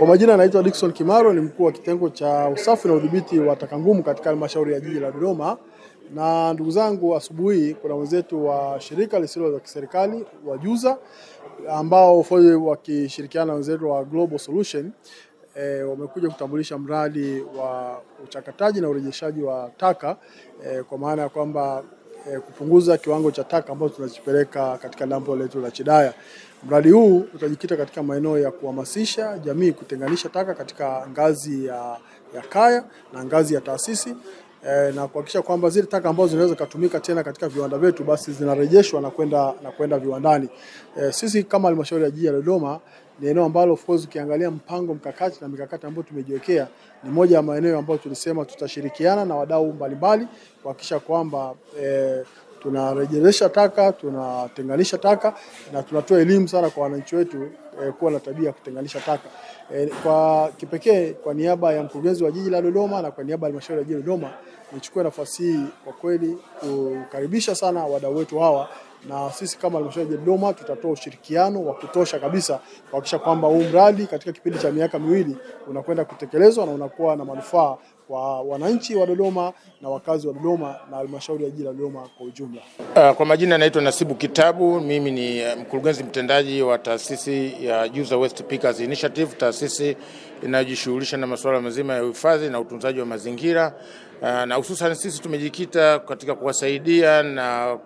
Kwa majina anaitwa Dickson Kimaro, ni mkuu wa kitengo cha usafi na udhibiti wa taka ngumu katika halmashauri ya jiji la Dodoma. Na ndugu zangu, asubuhi kuna wenzetu wa shirika lisilo la kiserikali wa Juza ambao wakishirikiana na wenzetu wa Global Solution E, wamekuja kutambulisha mradi wa uchakataji na urejeshaji wa taka e, kwa maana ya kwamba e, kupunguza kiwango cha taka ambazo tunazipeleka katika dampo letu la Chidaya. Mradi huu utajikita katika maeneo ya kuhamasisha jamii kutenganisha taka katika ngazi ya, ya kaya na ngazi ya taasisi e, na kuhakikisha kwamba zile taka ambazo zinaweza kutumika tena katika viwanda vyetu basi zinarejeshwa na kwenda na kwenda viwandani. E, sisi kama halmashauri ya jiji la Dodoma ni eneo ambalo of course ukiangalia mpango mkakati na mikakati ambayo tumejiwekea ni moja ya maeneo ambayo tulisema tutashirikiana na wadau mbalimbali kuhakikisha kwamba e, tunarejelesha taka, tunatenganisha taka na tunatoa elimu sana kwa wananchi wetu eh, kuwa na tabia ya kutenganisha taka. Eh, kwa kipekee kwa niaba ya mkurugenzi wa jiji la Dodoma na kwa niaba ya halmashauri ya jiji la Dodoma nichukue nafasi hii kwa kweli kukaribisha sana wadau wetu hawa na sisi kama halmashauri ya Dodoma tutatoa ushirikiano wa kutosha kabisa kuhakikisha kwamba huu mradi katika kipindi cha miaka miwili unakwenda kutekelezwa na unakuwa na manufaa kwa wananchi wa Dodoma na wakazi wa Dodoma na halmashauri ya jiji la Dodoma kwa ujumla. Uh, kwa majina naitwa Nasibu Kitabu, mimi ni uh, mkurugenzi mtendaji wa taasisi ya User Waste Pickers Initiative, taasisi inayojishughulisha na masuala mazima ya uhifadhi na utunzaji wa mazingira. Uh, na hususan sisi tumejikita katika kuwasaidia na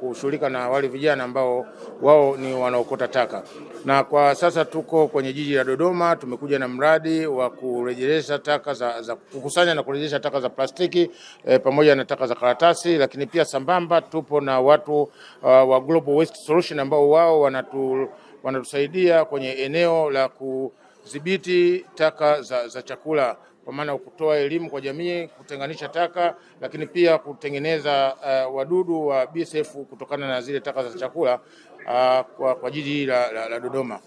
kushughulika na wale vijana ambao wao ni wanaokota taka, na kwa sasa tuko kwenye jiji la Dodoma. Tumekuja na mradi wa kurejelesha taka za, za kukusanya na kurejelesha taka za plastiki e, pamoja na taka za karatasi, lakini pia sambamba tupo na watu uh, wa Global Waste Solution ambao wao wanatu, wanatusaidia kwenye eneo la kudhibiti taka za, za chakula kwa maana kutoa elimu kwa jamii, kutenganisha taka, lakini pia kutengeneza uh, wadudu wa BSF kutokana na zile taka za chakula uh, kwa, kwa jiji la, la, la Dodoma.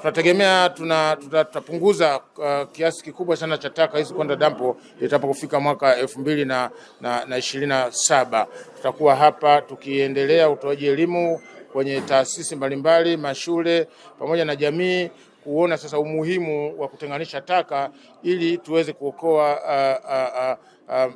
Tunategemea tutapunguza uh, kiasi kikubwa sana cha taka hizi kwenda dampo itakapofika mwaka elfu mbili na, na, na ishirini na saba. Tutakuwa hapa tukiendelea utoaji elimu kwenye taasisi mbalimbali, mashule pamoja na jamii kuona sasa umuhimu wa kutenganisha taka ili tuweze kuokoa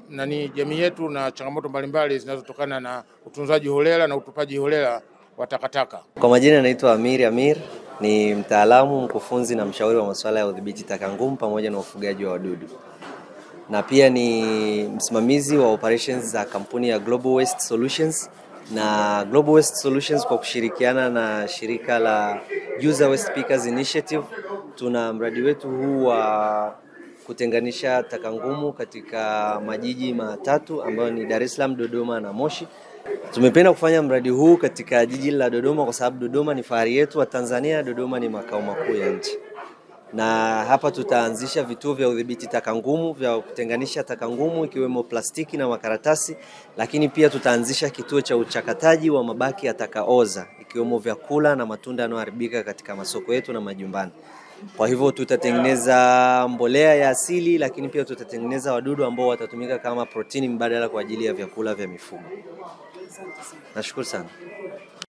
nani jamii yetu na changamoto mbalimbali zinazotokana na utunzaji holela na utupaji holela wa takataka. Kwa majina naitwa amir Amir, ni mtaalamu mkufunzi na mshauri wa masuala ya udhibiti taka ngumu pamoja na ufugaji wa wadudu na pia ni msimamizi wa operations za kampuni ya Global Waste Solutions na Global Waste Solutions kwa kushirikiana na shirika la User Waste Speakers Initiative, tuna mradi wetu huu wa kutenganisha taka ngumu katika majiji matatu ambayo ni Dar es Salaam, Dodoma na Moshi. Tumependa kufanya mradi huu katika jiji la Dodoma kwa sababu Dodoma ni fahari yetu wa Tanzania, Dodoma ni makao makuu ya nchi na hapa tutaanzisha vituo vya udhibiti taka ngumu vya kutenganisha taka ngumu ikiwemo plastiki na makaratasi, lakini pia tutaanzisha kituo cha uchakataji wa mabaki ya taka oza ikiwemo vyakula na matunda yanayoharibika katika masoko yetu na majumbani. Kwa hivyo tutatengeneza mbolea ya asili, lakini pia tutatengeneza wadudu ambao watatumika kama protini mbadala kwa ajili ya vyakula vya mifugo. Nashukuru sana.